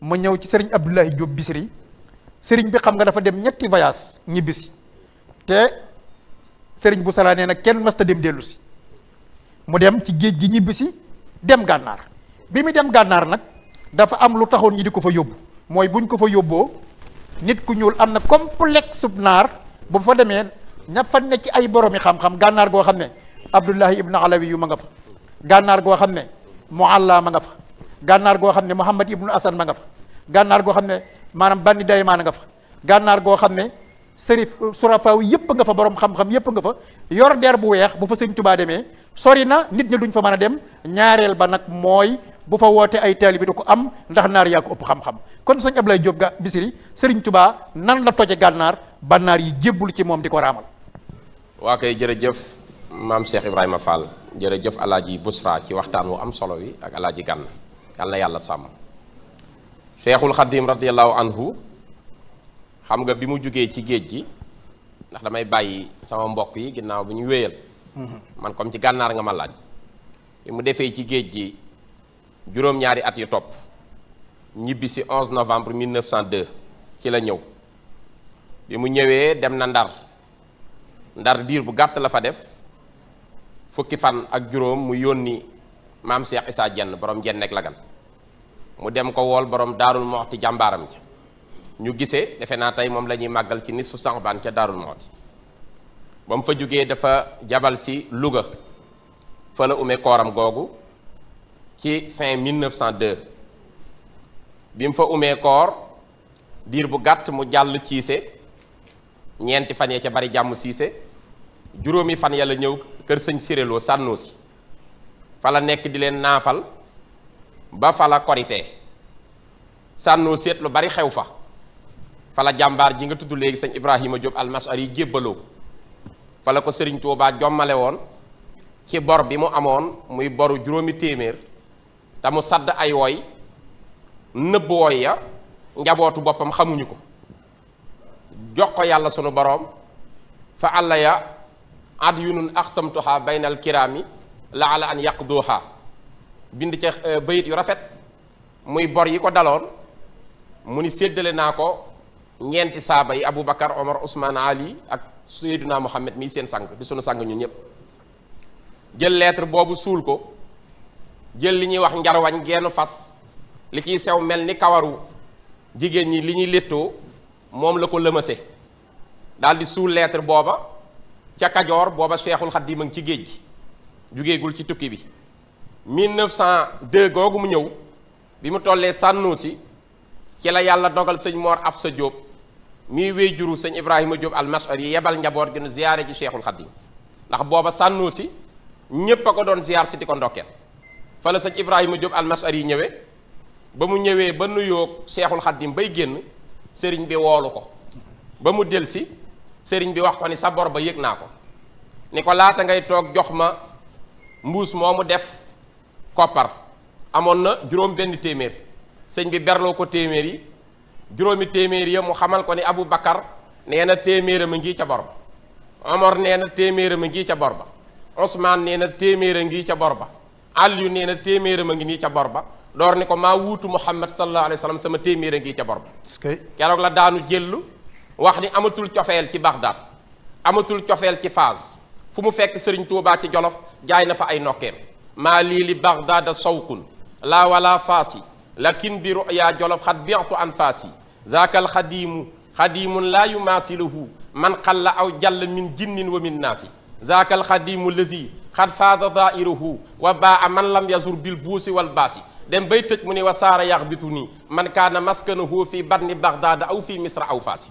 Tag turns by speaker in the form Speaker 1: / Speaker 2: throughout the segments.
Speaker 1: ma ñew ci serigne abdullah Diop bisri serigne bi xam nga dafa dem ñetti voyage ñibbisi te sëriñ bu salaa nee na kenn mësta dem dellu si mu dem ci geej gi dem gannar bi mi dem gannar nak dafa am lu taxone ñi diko fa yobbu moy buñ ko fa yobbo nit ku ñuul amna complexe subnar bu fa demee ña fa ne ci ay boromi xam-xam gannar go xamné abdullah Abdullahi Ibn Alawi yu ma nga fa gannar go xamné Mualla ma nga fa gànnaar goo xam ne Mouhamad ibnu Asan nga fa gànnaar goo xam ne maanaam banni daymaan nga fa gànnaar goo xam ne sërif surafaaw yëpp nga fa boroom xam-xam yëpp nga fa yor der bu weex bu fa sëñ tubaa demee sori na nit ñi duñ fa mën a dem ñaareel ba nag mooy bu fa woote ay taalibe du ko am ndax naar yaa ko ëpp xam-xam kon sëñ Ablaye Diop ga Bichri sëriñ tubaa nan la toje gànnaar bannaar yi jébbul ci moom di ko raamal
Speaker 2: waa kay jërëjëf maam Cheikh Ibrahima Fall jërëjëf alaaji Busra ci waxtaan wu am solo wi ak alaaji Gànn yàlla yàlla sàmm feexul xadim radiallahu anhu xam nga bi mu jógee ci géej gi ndax damay bàyyi sama mbokk yi ginnaaw bi ñu wéyal mm-hmm. man comme ci gànnaar nga ma laaj bi mu defee ci géej gi juróom-ñaari at yu topp ñibbi si 11 novembre de ci la ñëw bi mu ñëwee dem na ndar ndar diir bu gàtt la fa def fukki fan ak juróom mu yónni maam Cheikh Issa jenn borom Dieng nekk Lagan mu dem ko wool borom daarul moxti jàmbaaram ca ñu gise defe naa tey moom la ñuy màggal ci nisfu saxbaan ca daarul moxti ba mu fa jógee dafa jabal si Louga fa la ume kooram googu ci fin 1902 bi mu fa umee koor diir bu gàtt mu jàll siise ñeenti fan ya ca bari jàmm siise juróomi fan yàlla ñëw kër sëñ siréloo sànnoo si fa nekk di leen naafal ba fa la korite sanno seet lu bari xew fa fa la jàmbaar ji nga tuddu legi seigne Ibrahima job al mas'ari jébbaloo fa la ko sëriñ Tuubaa jomale won ci bor bi mu amone muy boru juromi temer te mu sadd ay woy neub woy ya njabotu bopam xamuñu ko jox ko yàlla sunu borom fa àlla ya adyunun aqsamtuha bainal kirami kiraami la ala an yaqduha bind ci eh, bayit yu rafet muy bor yi ko dalon mu ni séddale naa ko ñeenti saaba yi Omar Usman Ali ak suir Muhammad mi seen sang di sunu sang ñun ñep jël lettre bobu sul ko jël li ñi wax wañ fas li ci sew mel kawaru jigéen ñi li ñi letto mom la ko lëmase dal di sul lettre boba ca kadior boba cheikhul khadim ci ci tukki bi 1902 googu mu ñëw bi mu tollee Sànnuusi ci la yàlla dogal sëñ Mor Absa Diop mii wéy juru sëñ Ibrahima Diop almasar yi yebal njaboot gi nu ziyaare ci Cheikhul Khadim ndax booba Sànnuusi ñépp a ko doon ziyaar si di ko ndokkeel fa la sëñ Ibrahima Diop almasar yi ñëwee ba mu ñëwee ba nuyoo Cheikhul Khadim bay génn sëriñ bi woolu ko ba mu del si sëriñ bi wax ko ni sa bor ba yëg naa ko ni ko laata ngay toog jox ma mbuus moo mu def koppar amoon na juróom ben témèr sëñ bi berlo ko témèr yi juróomi témèr yi mu xamal ko ni Abu Bakar neena témèr téeméeram ngi ca bor Omar neena témèr téeméeram ngi ca borba ba Ousmane nee na ngi ca borba ba neena témèr na ngi ni ca borba dor ni ko ma wutu Muhammad sallallahu alayhi wasallam sama témèr ngi ca borba ba la daanu jëllu wax ni amatul tiofel ci Bagdad amatul tiofel ci faz fumu fekk serigne touba ci Jolof jaay na fa ay nokkeem ما لي لبغداد سوق لا ولا فاسي لكن برؤيا جلف قد بعت أنفاسي ذاك الخديم خديم لا يماثله من قل أو جل من جن ومن ناس ذاك الخديم الذي قد فاض ضائره وباع من لم يزر بالبوس والباس dem bay tëj mu ne wa saara yax bitu nii man kaana maskanahu fii batni bagdaada aw fii misra aw faasi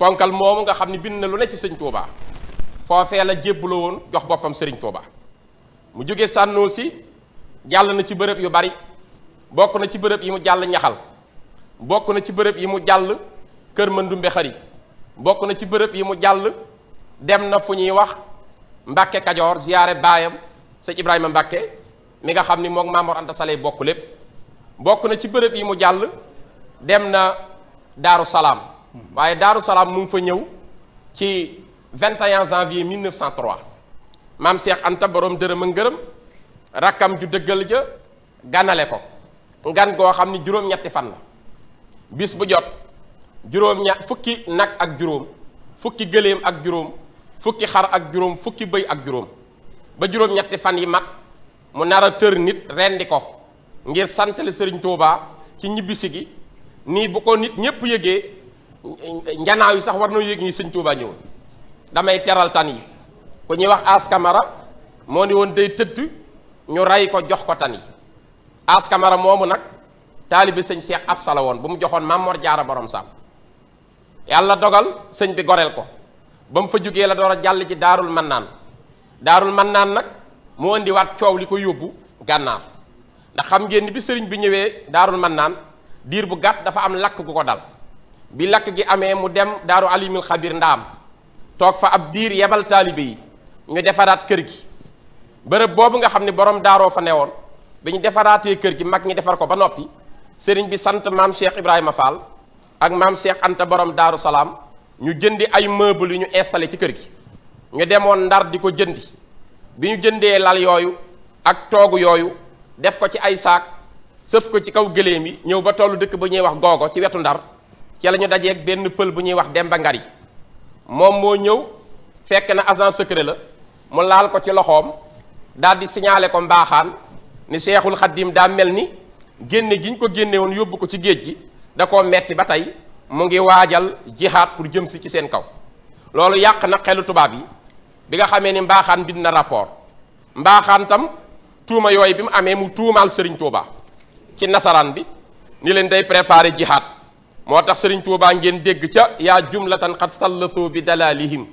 Speaker 2: ponkal moomu nga xam ne bind na lu ne ci sëñ Tuubaa foofee la jébbaloo woon jox boppam sëriñ Tuubaa mu jóge sànnoo si jàll na ci bërëb yu bari bokk na ci bërëb yi mu jàll ñaxal bokk na ci bërëb yi mu jàll kër Mandumbe Xari bokk na ci bërëb yi mu jàll dem na fu ñuy wax Mbàkke Kajoor ziyaare baayam sëñ Ibrahima Mbàkke mi nga xam ni moom Maamoor Anta bokk lépp bokk na ci bërëb yi mu jàll dem na Daaru Salaam hmm. waaye Daaru Salaam mu ngi fa ñëw ci 21 janvier 1903 mam Cheikh Anta borom deureum ngeureum rakam ju deugal ja ganale ko ngan go xamni ni ñetti fan bis bu jot fuki ña fukki nak ak juróom fukki geleem ak juróom fukki xar ak juróom fukki bëy ak ba juróom-ñetti fan yi mat mu nar nit rendi ko ngir santale serigne Touba ci ñibisi gi ni bu ko nit ñepp yegge ñanaaw yi sax war ni serigne Touba damay teral tan yi ku ñi wax As Camara ni won day tëdd ñu ray ko jox ko tan yi As Camara moomu nak taalibi sëñ Cheikh afsala won bu mu joxon Mamor Jaara borom Sam yalla dogal sëñ bi gorel ko bam fa jugge la door jall jàll ci daarul darul daarul mannaan nak mu indiwaat coow li ko yobbu gànnaar da xam ngeen ni bi sëriñ bi ñewé darul mannan dir bu gat dafa am lak ku ko dal bi lak gi amé mu dem daru alimul khabir ndam tok fa ab dir yabal talibi ñu defaraat kër gi bërëb boobu nga xam ne borom daaroo fa newoon bi ñu defaraatee kër gi mag ñi defar ko ba noppi sëriñ bi sant maam Cheikh ibraahima Fall ak maam Cheikh Anta borom daaru salaam ñu jëndi ay meubles yu ñu installé ci kër gi ñu demoon ndar di ko jëndi bi ñu jëndee lal yooyu ak toogu yooyu def ko ci ay saak sëf ko ci kaw gëléem yi ñëw ba tollu dëkk bu ñuy wax googo ci wetu ndar ci la ñu dajeeg benn pël bu ñuy wax Demba Ngari moom moo ñëw fekk na agent secret la mu laal ko ci loxom daal di signaler ko mbaxan ni cheikhul khadim da melni ni giñ ko génne won yobbu ko ci geej gi da ko metti batay mu ngi wajal jihad pour jëm ci sen kaw lolu yak na xelu tuba bi bi nga xamé ni mbaxan bind na rapport mbaxan tam tuuma yoy bi mu amé mu tuumal Serigne Touba ci nasaran bi ni len day préparer jihad motax Serigne Touba ngeen deg ca ya jumlatan qad sallasoo bi dalalihim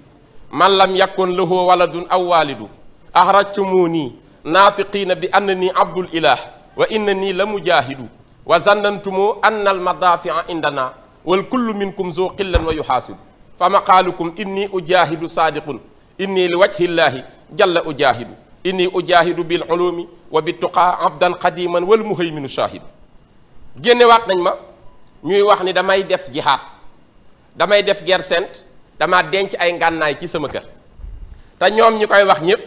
Speaker 2: man lam yakun lahu waladun aw walidu ahrajtumuni naatiqina bi annani abdul ilah wa innani la mujahidu wa zannantumu anna al madafia indana wal kullu minkum zu qillan wa yuhasibu fa maqalukum inni ujahidu sadiqun inni li wajhi llahi jalla ujahidu inni ujahidu bil ulumi wa bi tuqa abdan qadiman wal muhayminu shahidu génnewaat nañ ma ñuy wax ni damay def jihaad damay def guerre sainte dama denc ay ngànnaay ci sama kër te ñoom ñi koy wax ñëpp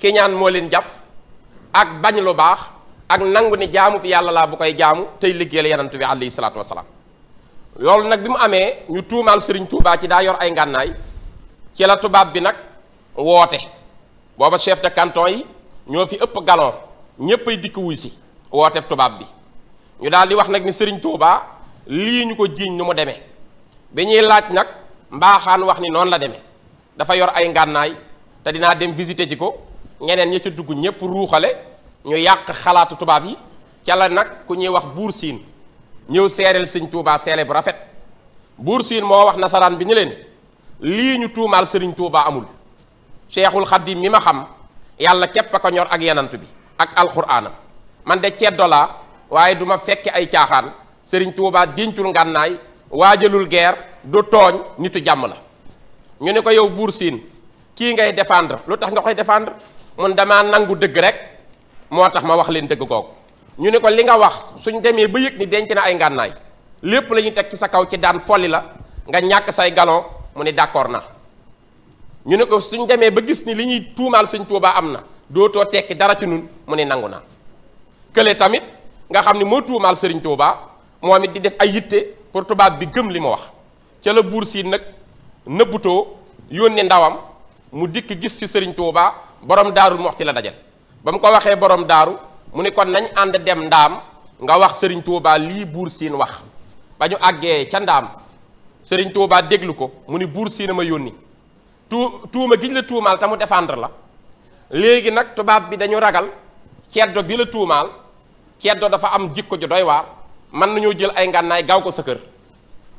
Speaker 2: ki moo leen jàpp ak bañ lu baax ak nangu ni jaamu bi yàlla laa bu koy jaamu tey liggéeyal yanantu bi alayhi salaatu wasalaam loolu nag bi mu amee ñu tuumaal sëriñ Touba ci daa yor ay ngànnaay ci la tubaab bi nag woote booba chef de canton yi ñoo fi ëpp galon ñépp ay dikk wuy si woote tubaab bi ñu daal di wax nag ni sëriñ Touba lii ñu ko jiiñ nu mu demee bi ñuy laaj nag bahkan wax ni non la demee dafa yor ay ngannaay te dina dem visiter ji ko ñeneen ñi ci dugg ñepp ruuxale ñu yaq xalaatu tuba yi ci la nak ku ñi wax buur ñew sérel seigne Touba rafet mo wax nasaran bi leen ñu tumal seigne Touba amul cheikhul khadim mi ma xam yalla képp ko ñor ak yanantu bi ak alxuraanam man de ci dola waye duma fekke ay tiaxan seigne Touba dincul ngannaay wajalul guerre du togn nitu jam la ñu ne ko yow buur siin kii ngay défendre lutax nga koy défendre mun dama nangou deug rek motax ma wax leen deug gog ñu ne ko li nga wax suñu démé ba yek ni denc na ay ngannaay lepp lañu tek ci sa kaw ci daan folli la nga ñak say galon mu ne d'accord na ñu ne ko suñu démé ba gis ni li ñuy tuumal suñu tuubaa amna do dootoo dara ci nun mu ne nangu kele tamit nga xamni mo tuumal serigne sëriñ momit di def ay yitte pour tubaab bi gem li wax ci la buur nak nebuto yonne ndawam mu dik gis ci serigne Touba borom darul moxti la dajal ba ko waxe borom daru mu ne kon nañ and dem ndam nga wax serigne Touba li buur wax ba agge ci ndam serigne Touba deglu ko mu ni buur ma yoni tuu tuuma giñ la tuumaal tamu défendre la légui nak touba bi dañu ragal kiat bi la tuumaal ceddo dafa am jikko ju doy war man nañoo jël ay ngannaay gaw ko sa kër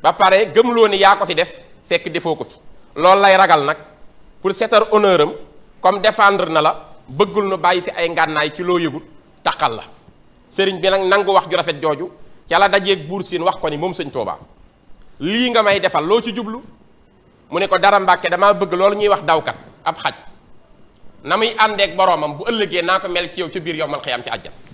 Speaker 2: ba pare lo ni ya ko fi def fekk defoo ko fi loolu lay ragal nak pour setter honneuram comme défendre na la bëggul nu bayyi fi ay ngannaay ci lo yegul takal la serigne bi nak nang wax ju rafet joju ca la dajeeg ak siin wax ko ni mom serigne Tuubaa li nga may defal lo ci djublu mu ne dara dama bëgg ñi wax dawkat ab xaj namuy ak boromam bu nako mel ci yow ci bir yowmal ci aljana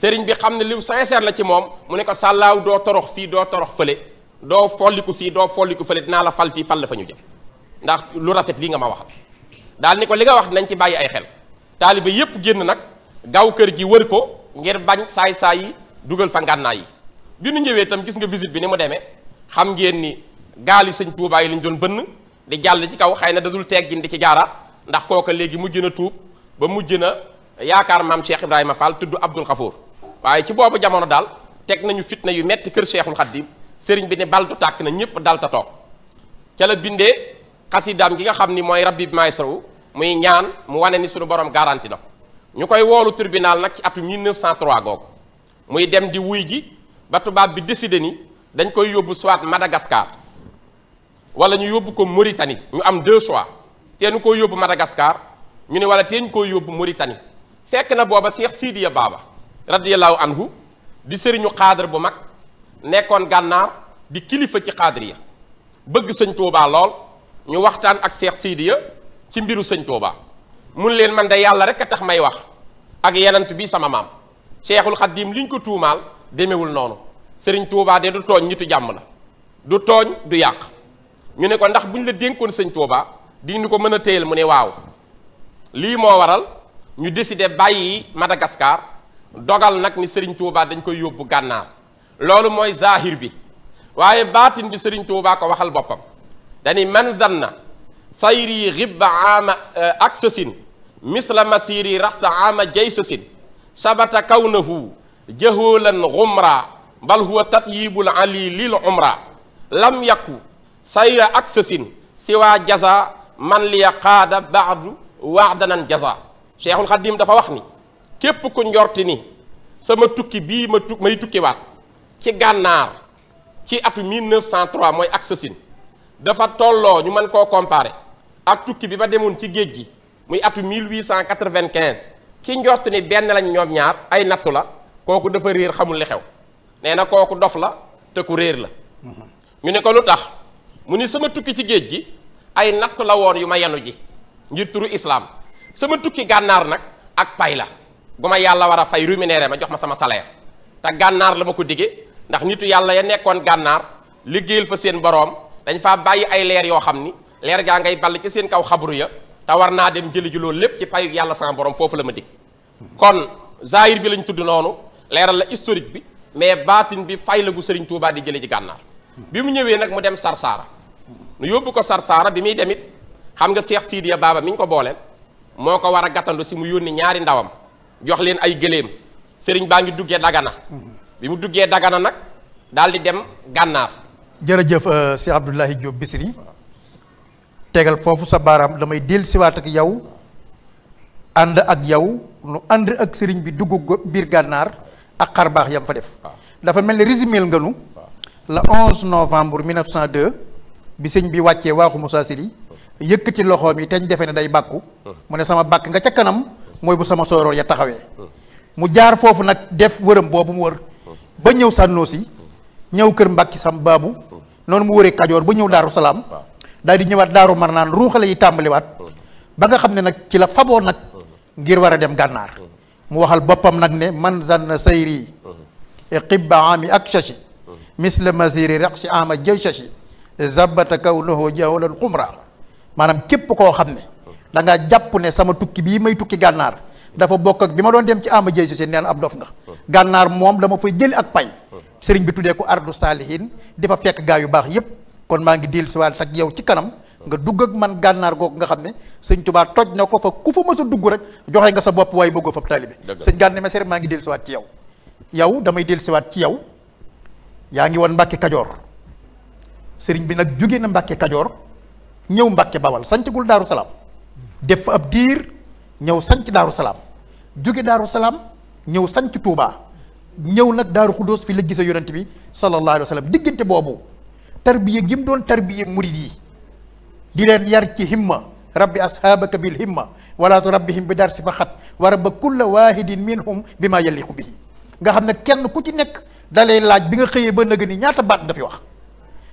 Speaker 2: sëriñ bi xam ne li sincère la ci moom mu ne ko sàllaaw doo torox fii doo torox fële doo folliku fii doo folliku fële dinaa la fal fii fal la fa ñu jëm ndax lu rafet lii nga ma waxal daal ni ko li nga wax nañ ci bàyyi ay xel taalibe yépp génn nag gaw kër gi wër ko ngir bañ saay-saay yi dugal fa ngànnaay yi bi nu ñëwee itam gis nga visite bi ni mu demee xam ngeen ni gaali sëñ Tuubaa yi lañ doon bënn di jàll ci kaw xay na dadul teggin di ci jaara ndax kooka léegi mujj na tuub ba mujj na yaakaar maam Cheikh Ibrahima Fall tudd Abdul Xafoor waye ci bobu jamono dal tek nañu fitna yu metti keur cheikhul sering serigne bi ne bal du tak na ñepp dal ta tok ca la bindé qasidam gi nga xamni ni rabbi maestro muy ñaan mu wane ni suñu borom garanti na ñukoy wolu tribunal nak ci atu 1903 gog muy dem di wuy gi ba tubaab bi décider ni dañ koy yobbu soit Madagascar wala ñu yobbu ko Mauritanie ñu am deux choix te ñu koy Madagascar ñu ne wala te ñu koy yóbbu Mauritanie fekk na boba cheikh Sidiya baba an anhu di sëriñu xaadar bu mag nekkoon gànnaar di kilifa ci xaadar ya bëgg sëñ Touba lool ñu waxtaan ak Cheikh Sidiya ci mbiru sëñ Touba mun leen man de yàlla rek a tax may wax ak yenant bi sama maam Cheikhul Xaddim liñ ko tuumaal demewul noonu sëriñ Touba de du tooñ ñitu jàmm la du tooñ du yàq ñu ne ko ndax buñ la dénkoon sëñ Touba di ñu ko mën a téyel mu ne waaw lii moo waral ñu deside bàyyi Madagascar dogal nak ni Serigne Touba dañ koy yóbbu gànnaar lolou moy zahir bi waye batin bi Serigne Touba ko waxal bopam dani man zanna sayri ribba ama aksasin misla masiri rahsa ama jaysasin sabata kaunahu jahulan ghumra bal huwa tatyibul ali lil umra lam yakku sayra aksasin siwa jaza man liya qaada wa'danan jaza cheikhul khadim dafa wax ni képp ku njorti ni sama tukki bii ma tu may tukkiwaat ci gànnaar ci atu 1903 mooy ak sasin dafa tolloo ñu mën koo comparer ak tukki bi ba demoon ci géej gi muy atu 1895 ki njort ni benn lañ ñoom ñaar ay nattu la kooku dafa réer xamul li xew nee na kooku dof la te ku réer la ñu ne ko lu tax mu ni sama tukki ci géej gi ay nattu la woon yu ma yenu ji ngir turu islaam sama tukki gànnaar nag ak pay la buma yalla wara fay rémunéré ma jox ma sama salaire ta gànnaar la ko ndax nitu yalla ya nekkon ganar, liggéeyal fa seen borom dañ fa bayyi ay leer yo xamni ni leer ngay ball ci seen kaw xabru ya ta war dem jëli ji loolu lepp ci payu yalla sama borom fofu la dig kon zahir bi lañ tudd nonu la historique bi mais batin bi fay la gu Serigne Touba di jeli ji bi mu ñëwee nak mu dem Sarsara nu yobbu ko Sarsara bi mi demit xam nga Cheikh Sidiya Baba miñ ko booleel moko wara gatandu ci mu yoni ñaari ndawam jox leen ay geleem serigne baa duggé dagana bi mu duggé dagana nak dal di dem
Speaker 1: jere jeuf Cheikh abdullah Diop bisri tegal fofu sa baaraam damay ci wat ak yaw and ak yaw nu and ak serigne bi duggu biir gannaar ak xar yam fa def dafa melni résumé nga nu le 11 novembre 1902 bi serigne bi wacce waxu Moussa Sili yëkkati loxoom yi te ne day bakku hmm. mune sama bak nga ca kanam mooy bu sama sooroor ya taxawee mu jaar foofu nag def wërëm boobu mu wër ba ñëw sànnoosi ñëw kër mbàkki sam baabu noonu mu wëree kajoor ba ñëw daaru salaam daal di ñëwaat daaru naan ruuxale yi tàmbaliwaat ba nga xam ne nag ci la faboo nag ngir war a dem gànnaar mu waxal boppam nag ne man zanna sayri e qibba ami ak shashi misla masiri raqsi ama jay shashi zabata kaw noho jawlan qumra maanaam képp koo xam ne da nga japp ne sama tukki bi may tukki ganar. dafa bokk bima bi ma dem ci amba jeysi si si neen ab dof nga gànnaar mom dama fay jël ak pay serigne bi ko ardu salihin di fa fekk gaa yu bax yépp kon mangi ngi swat si waat ak yow ci kanam nga dugg ak man gànnaar gog nga xamné serigne touba toj na ko fa ku fa mës dugg rek joxe nga sa bop way bëggo fa serigne sëñ ma mesere ma ngi dil si ci yow yow damay dil si ci yow ya ngi won mbacké kadior serigne bi nak jugé na mbacké kadior ñew mbacké bawal santigul daru salam def fa ab diir ñëw sanc daaru salaam jóge daaru salaam ñëw sañc tuubaa ñëw nag daaru xudóos fi la gise yonent bi sallallahu alayhi wa diggante boobu tarbiya gi mu doon tarbiya murid yi di leen yar ci himma rabbi ashaabaka bil himma wala turabbihim bi dar si fa xat wa rabba kulla waahidin minhum bi maa yaliqu bihi nga xam ne kenn ku ci nekk da laaj bi nga xëyee ba ñaata baat nga fi wax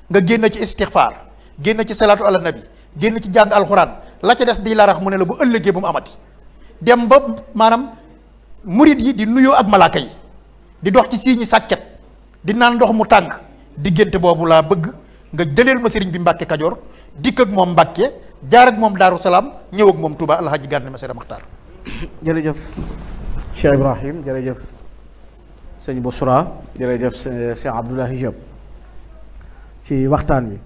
Speaker 1: nga génn ci istixfaar génn ci salaatu ala nabi génn ci jàng alxuraan la ca dess di la rax mu ne la bu ëllëgee bu mu amati dem ba manam murid yi di nuyo ak malaaka yi di dox ci sii sakket di nan dox mu tàng diggante bobu la bëgg nga jëlël ma sëriñ bi mbacké kadior dik ak mom mbacké jaar ak mom daru salam ñew ak mom Touba Alhaji sëriñ Messere Maxtaar
Speaker 3: jëf Cheikh Ibrahim sëriñ bousra Boussra jëf cheikh abdullah hijab ci waxtaan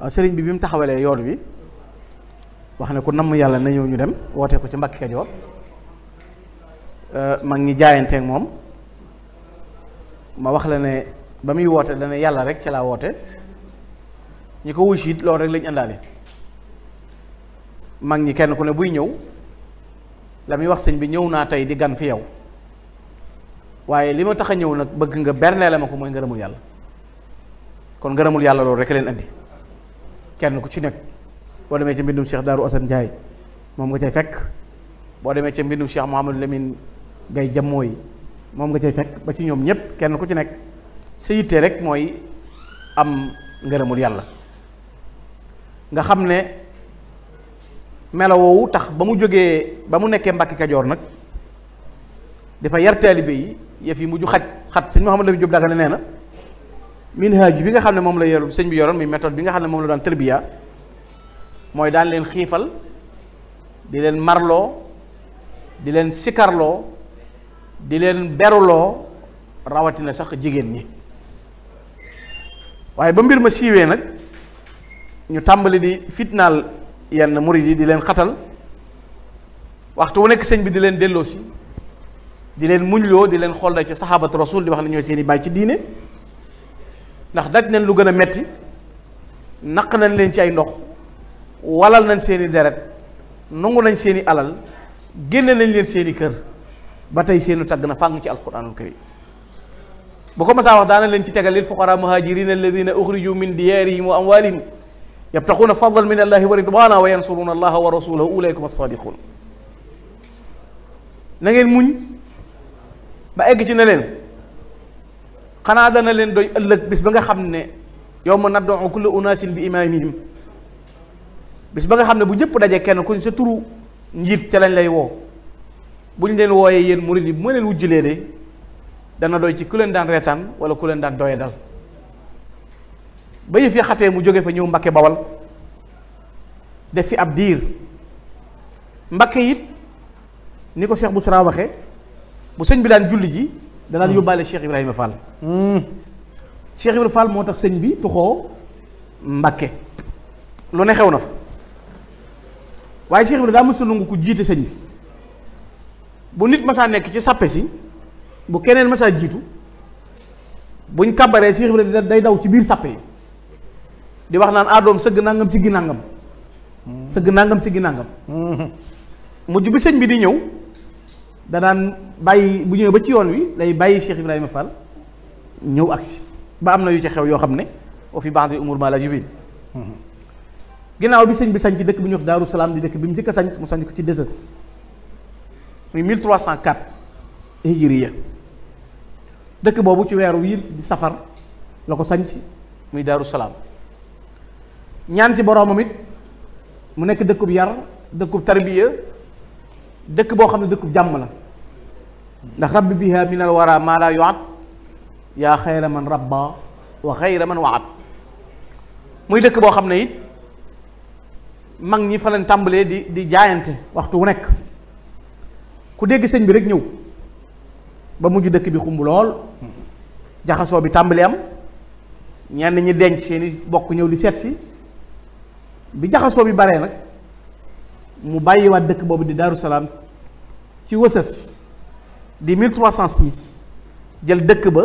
Speaker 3: ah, bi sëriñ bi bimu taxawalé yoon wax ne ku namm yàlla na ñëw ñu dem wootee ko ci Mbàkke Kajoor euh, mag ñi jaayanteeg moom ma wax la ne ba muy woote dana yàlla rek ci laa woote ñi ko wuy it loolu rek lañu àndaale mag ñi kenn ku ne buy ñëw la muy wax sëñ bi ñëw naa tey di gan fi yow waaye li ma tax a ñëw nag bëgg nga bernee la ma ko mooy ngërëmul yàlla kon ngërëmul yàlla loolu rek leen andi kenn ku ci nekk boo demee ca mbindum Cheikh Darou Assane moom nga cay fekk boo demee ca mbindum Cheikh Mouhamadou Lamine Gaye Jammoo yi moom nga cay fekk ba ci ñoom ñëpp kenn ku ci nekk sa yitte rek mooy am ngërëmul yàlla nga xam ne melowoowu tax ba mu jógee ba mu nekkee Mbàkke Kajoor nag dafa yar taalibe yi yëf yi mu xaj xat sëñ Mouhamadou Lamine Jóob Dagana nee na minhaaj bi nga xam ne moom la yor sëñ bi yoroon muy méthode bi nga xam ne moom la daan tërbiya moy daan leen xifal di leen sikarlo, di leen sikarlo di leen rawati rawatina sax jigen ni waye ba mbir ma siwe nak ñu tambali di fitnal yenn murid yi di leen xatal waxtu wu nek señ bi di leen ci di leen muñlo di leen xol da ci sahabatu rasul di wax na ñoy seeni bay ci diine ndax daj nañ lu gëna metti naq nañ leen ci ay ndox walal nañ seeni deret nungu nañ seeni alal genn nañ leen seeni kër ba tey seenu tag na fàng ci alquranul karim bu ko masaa wax daana leen ci tegal lil fuqara muhajirin alladhina ukhriju min diyarihim wa amwalihim yabtaquna fadlan min allahi wa ridwana wa yansuruna allaha wa rasulahu ulaikum as-sadiqun na ngeen muñ ba egg ci ne leen xanaa dana leen doy ëllëg bis ba nga xam ne yow ma naddu kullu unaasin bi imaamihim bis ba nga xamne bu ñepp dajé kenn kuñ sa turu njit ci lañ lay wo buñ leen woyé yeen mourid yi bu ma leen wujjulee de dana doy ci ku leen daan reetaan wala ku leen daan doyé dal ba yef ya xaté mu joggé fa ñew mbacké bawal def fi ab dir mbacké it ni ko cheikh bousra waxé bu señ bi daan julli ji danaan hmm. yobale cheikh Ibrahima Fall. Hmm. cheikh Ibrahima Fall moo tax bi tuxo mbacké lu ne fa waye Cheikh Ibrahima daa mësul nangu ku jiite sëñ bi bu nit masaa nek ci sapé si bu keneen masaa jitu buñ kabaré Cheikh Ibrahima day daw ci bir sapé di wax nan adom ah, seug nangam siggi ginangam seug nangam siggi ginangam mu mm-hmm. jubi sëñ bi di da nan bayyi bu ñew ba ci yoon wi lay bayyi Cheikh Ibrahima Fall ñew aksi ba amna yu ci xew yo xamne o fi ba'd umur ma la jibin mm-hmm ginaaw bi sëñ bi sañ ci dëkk bi ñu wax daaru salam di dëkk bi mu njëkk sañ mu sañ ko ci dësës muy 1304 hijriya dëkk boobu ci weeru wi di safar la ko sañ ci muy daaru salam ñaan ci borom amit mu nekk bu yar bu tarbiya dëkk boo xam ne dëkkub jàmm la ndax rabbi biha min al wara ma la yuat ya khayra man rabba wa khayra man waat muy dëkk boo xam mag ñi fa lañ tambalé di di jaayante waxtu wu nek ku dégg sëñ bi rek ñew ba mujj dëkk bi xumbu lool jaxaso bi tambalé am ñenn ñi denc seeni bokk ñew di sétsi bi jaxaso bi baré nak mu bàyyiwaat dëkk bobu di daru salam ci wësës di 1306 jël dëkk ba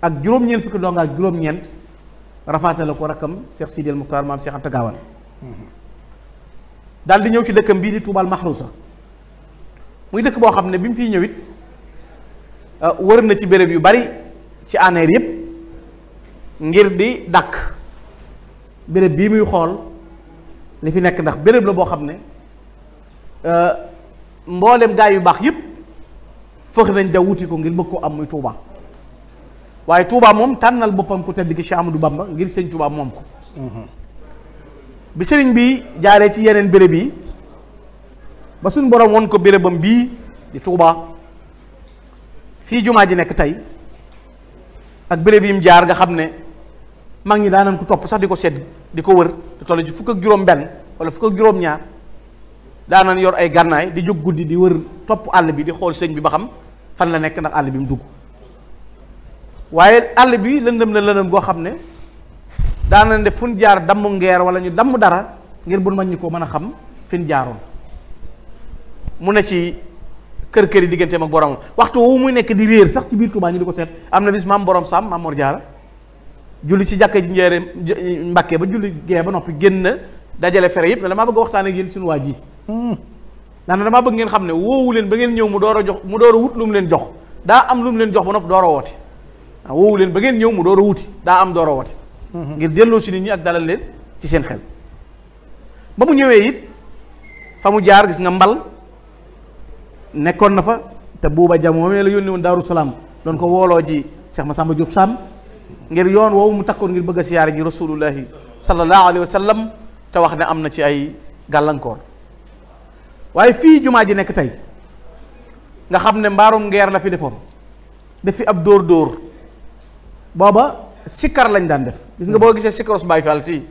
Speaker 3: ak juroom ñeen fukk dong nga juroom ñent rafaatale rakam Cheikh sidil mukhtar mam Cheikh antagawal mm-hmm. daal di ñëw ci dëkkam bii di Tuubal sax muy dëkk boo xam ne bi mu fiy ñëwit euh, wër na ci béréb yu bari ci aneer yépp ngir di dakk béréb bii muy xool li fi nekk ndax béréb la boo xam ne euh, mboolem gaa yu baax yépp fëx nañ da wuti ko ngir bëgg ko am muy Touba waaye Touba moom tànnal boppam ku tedd ki Cheikh Amadou Bamba ngir sëñ Touba moom ko mm-hmm. bi sëriñ bi jaaree ci yeneen béréb yi ba suñ boroom won ko bérébam bii di Touba fii jumaa ji nekk tey ak béréb yim jaar nga xam ne mag ñi daanan ko topp sax di ko sedd di ko wër di toll ci fukk ak juróom benn wala fukk ak juróom ñaar daanan yor ay gànnaay di jóg guddi di wër topp àll bi di xool sëñ bi ba xam fan la nekk ndax àll bi mu dugg waaye àll bi lëndëm na lëndëm goo xam ne daana de fun jaar damu ngeer wala ñu damu dara ngir buñ mañ ko mëna xam fin jaaroon mu ne ci kër kër digënté digganteem borom waxtu wu muy nekk di reer sax ci biir tuba ñu diko set amna bis mam borom sam maam jaar julli ci jàkka ji ñeere mbacké ba julli ge ba nopi genn dajale fere yépp dama bëgg waxtaan ak yeen suñu waji ji hmm. dama bëgg ngeen xam woowu leen ba ngeen ñëw mu jox mu wut lu leen jox da am lu mu leen jox ba nopi door a woote woowu leen ba ngeen ñëw mu wuti da am door a ngir delo ci nit ñi ak dalal leen ci seen xel ba mu ñëwé it fa mu jaar gis nga mbal nekkon na fa te buba jamo me la yoni won daru salam don ko wolo ji Cheikh samba Diop Sam ngir yoon woowu mu takkon ngir bëgg a ji rasulullah sallallahu alaihi wasallam sallam te wax na amna ci ay galankor waye fi juma ji nek tay nga xamne mbarum ngeer la fi defo def fi ab dor dor baba sikkar lañ daan def gis nga boo gisee sikkaros Baay Faal si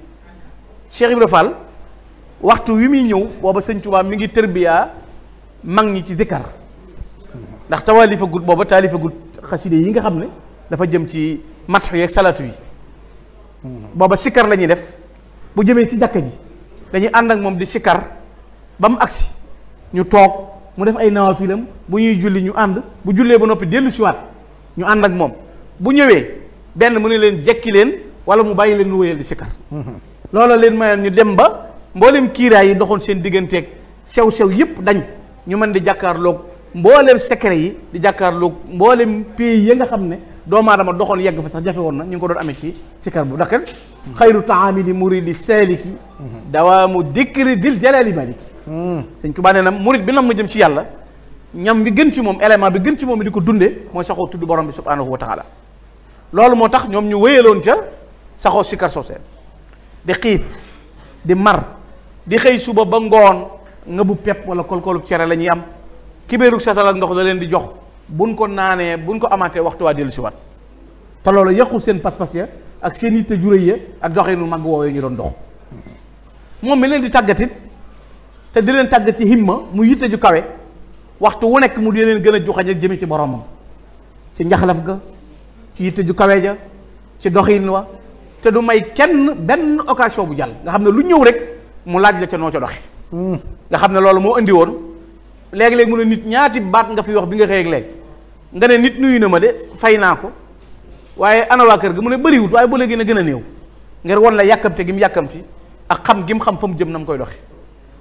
Speaker 3: Cheikh Ibra waxtu wi muy ñëw booba sëñ Tuubaa mi ngi tërbiyaa mag ñi ci sikkar ndax tawaalifa gut booba taalifa gut xaside yi nga xam ne dafa jëm ci matxu yeeg salatu yi booba sikar la ñuy def bu jëmee ci jàkka ji dañuy ànd ak moom di sikkar ba mu agsi ñu toog mu def ay nawaafilam bu ñuy julli ñu ànd bu jullee ba noppi dellu siwaat ñu ànd ak moom bu ñëwee benn mu ne leen jekki leen wala mu bàyyi leen nu wéyal di sikkar loola leen mayoon ñu dem ba mboolem kiiraay yi doxoon seen digganteeg sew-sew yëpp dañ ñu mën di jàkkaarloog mbooleem secret yi di jàkkaarloog mboolem pays yi nga xam ne doomu aadama doxoon yegg fa sax jafe woon na ñu ngi ko doon amee ci sikkar bu dakkan xayru taami di muridi saaliki dawaamu dikri dil jalaali maliki sëñ Tuubaa nee na murid bi na mu jëm ci yàlla ñam bi gën ci moom élément bi gën ci moom di ko dunde mooy saxoo tudd borom bi subhanahu wa taala loolu moo tax ñoom ñu wéyaloon ca saxoo sikar soseen di xiif di mar di xëy suba ba ngoon nga bu pepp wala kolkolub cere la ñuy am kibéerug seetal ak ndox da leen di jox buñ ko naanee buñ ko amaatee waxtu waa dellu si wat te loolu yàqul seen pas-pas ya ak seen yitte juróoy ya ak doxinu mag woowee ñu doon ndox moom mi leen di tàggatit te di leen tàggat ci himma mu yitte ju kawe waxtu wu nekk mu di leen gën a juxañ ak jëme ci boromam ci njaxlaf ga ci yitte ju kawe ja ci doxin wa te du may kenn benn occasion bu jàll nga xam ne lu ñëw rek mu laaj la ca noo ca doxe hmm. nga xam ne loolu moo indi woon léegi-léegi mu ne nit ñaati baat nga fi wax bi nga xëy ak léegi nga ne nit na ma de fay naa ko waaye ana waa kër gi mu ne bëriwut waaye ba léegi na gën a néew ngir won la yàkkamte gi mu yàkkamti ak xam gi mu xam fa mu jëm na mu koy doxe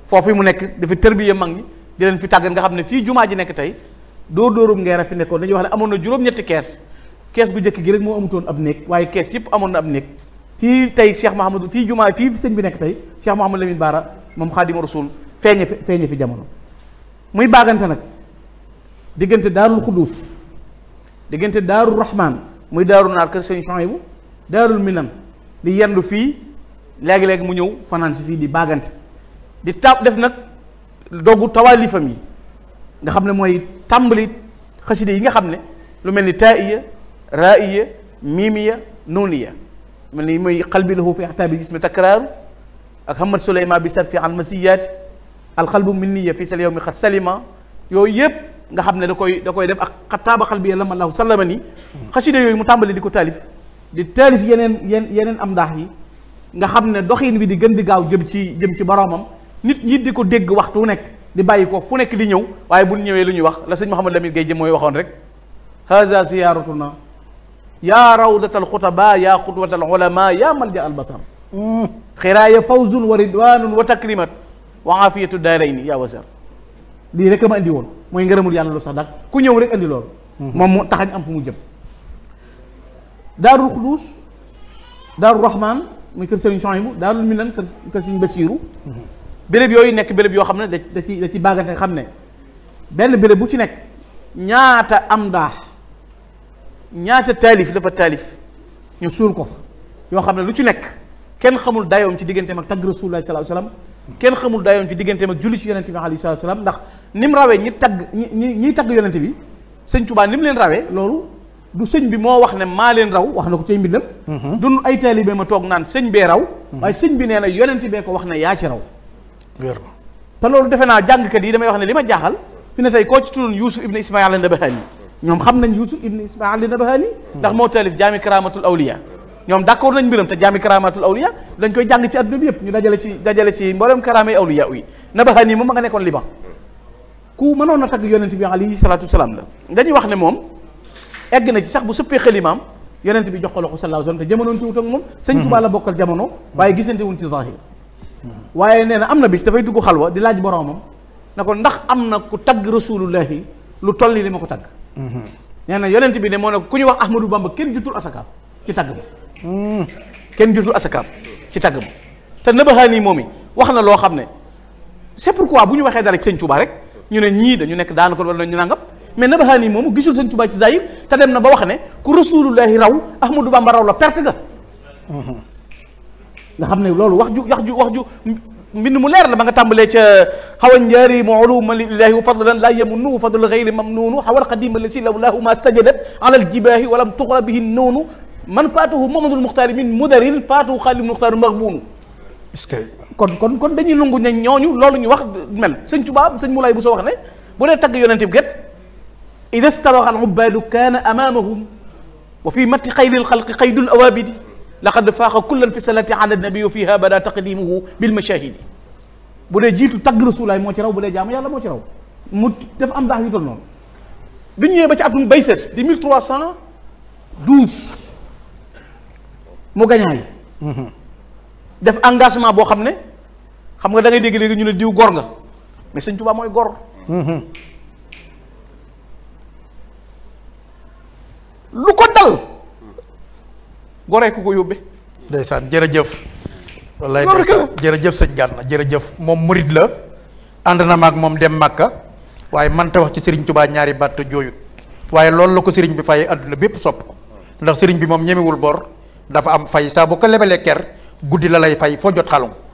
Speaker 3: foofu mu nekk dafa tërbiye mag ñi di leen fi tàgg nga xam ne fii jumaa ji nekk tey doo dóorum ngeer a fi nekkoon dañuy wax ne amoon na juróom-ñetti kees kees bu njëkk gi rek moo amutoon ab néeg waaye kees yëpp amoon na ab néeg fii tey Cheikh Mahamadou fii jumaa fii sëñ bi nekk tey Cheikh Mahamadou Lamine Baara moom Xaadimu Rasul feeñe fi feeñe fi jamono muy baagante nag diggante daarul xuduus diggante daarul rahman muy daaru naar kër sëñ Chouaïbou daarul minan di yendu fii léegi-léegi mu ñëw fanaan fii di baagante di tab def nag doggu tawaalifam yi nga xam ne mooy tàmbali xaside yi nga xam ne lu mel ni taiya رائية ميمية نونية من اللي قلبي له في أعتاب الجسم تكرار أكمل سليمان بسرف عن مسيات القلب منية في اليوم قد سلم yooyu yëpp nga xam ne da koy da koy def ak xataaba xal bi yàlla allahu sallama ni xasida yooyu mu tàmbali di ko taalif di taalif yeneen yeen yeneen am ndaax yi nga xam ne doxin bi di gën di gaaw jëm ci jëm ci boroomam nit ñi di ko dégg waxtu nekk di bàyyi ko fu nekk di ñëw waaye bu ñëwee lu ñuy wax la sëñ Mouhamadou Lamine Gueye jëm mooy waxoon rek haza ziyaratuna يا روضة الخطباء يا قدوة العلماء يا ملجا البصر خيرايا فوز وردوان وتكريمة وعافية الدارين يا وزير لي رك ما عندي وون موي غيرم يالا لو صدق كو نيو رك عندي لول مام تاخاج ام فمو جيم دار الخلوص دار الرحمن موي كير سيرن شويم دار الملان كير كير سيرن بشيرو بلب يوي نيك بلب يو خامن دا سي دا سي باغا خامن بن بلب بو ñaata talif dafa talif ñu sul ko fa yoo xamne lu ci nek ken xamul dayoom ci digeenté mak tag rasulullah sallallahu alayhi wasallam ken xamul dayoom ci digeenté mak julli ci yonnati bi alayhi wasallam ndax nim rawé ñi tag ñi ñiy tagg yonente bi sëñ Tuubaa nim leen rawé lolu du sëñ bi mo wax ne ma leen raw wax nako ci cay mbindam dun ay talibé ma tok naan sëñ bee raw way sëñ bi neena yonnati be ko wax ne ya ci raw wer ta lolu defena jang jàngkat yi dama wax ne lima jaxal fi ne tay ko ci tudun yusuf ibne ismaeil an-Nabahaani ñoom xam nañ Yusuf ibn Ismaïl al Nabahani ndax moo taalif jaami karaamatul awliya ñoom d'accord nañ mbiram te jaami karaamatul awliya dañ koy jàng ci adduna bi yëpp ñu dajale ci dajale ci mboolem karaamay awliya yi Nabahani moom ma nga nekkoon Liban ku mënoon a tagg yonent bi alayhi salaatu salaam la dañuy wax ne moom egg na ci sax bu sëppee xalimaam yonent bi jox ko loxo sallallahu alayhi wasallam te jamonoon tuut ak moom sëñ Tuubaa la bokkal jamono waaye gisante wuñ ci zahir waaye nee na am na bis dafay dugg xalwa di laaj boroomam na ko ndax am na ku tagg rasulullahi lu tolli li ma ko tagg nee na yonent bi ne moo ne ku ñu wax Ahmadou Bamba kenn jutul asakaam ci tagg ma kenn jutul asakaam ci tàgg ba hmm. te nabaxaani moom i wax na loo xam ne c'est pourquoi bu ñu waxee dara ci sëñ rek ñu ne ñii dañu nekk daanaka wala ñu nangam mais nabaxaani moomu gisul sëñ Touba ci zahir te dem na ba wax ne ku rasulullahi raw Ahmadou Bamba raw la perte ga hmm. nga xam ne loolu wax ju wax ju wax ju من مولير لما تعمل ايش هو نجاري معلوم لله فضلا لا يمن فضل غير ممنون هو القديم الذي لو له ما سجدت على الجباه ولم تقر به النون من فاته محمد المختار من مدر فاته خالد المختار مغبون اسكي كون كون كون داني لونغو نيوني لولو ني واخ مل سيني توباب سيني مولاي بوسو واخ ني بولا تاغ يونتيب جت اذا استرغ العباد كان امامهم وفي مت خير الخلق قيد الاوابد لقد فاق كل الفسلة على النبي فيها بدا تقديمه بالمشاهد بودي جيتو تاغ رسول الله موتي راو بودي جام يالا موتي راو موت داف ام داخ يوتول نون بي نيي باتي اتوم بيسس دي 1312 مو غاناي داف انغاسمان بو خامني خامغا داغي ديغ ليغي نيو ديو غورغا مي سيغ توبا موي غور لوكو دال
Speaker 1: goree ko yóbbee. ndeysaan jërëjëf. wallaay ndeysaan jërëjëf sëñ Gana jërëjëf moom murid la. ànd na maag moom dem Makka waaye manta wax ci Serigne Touba ñaari baat jooyut waaye loolu la ko Serigne bi fay àdduna bépp sopp ndax Serigne bi moom ñemewul bor dafa am fay saa bu ko lebalee ker guddi la lay fay foo jot xalum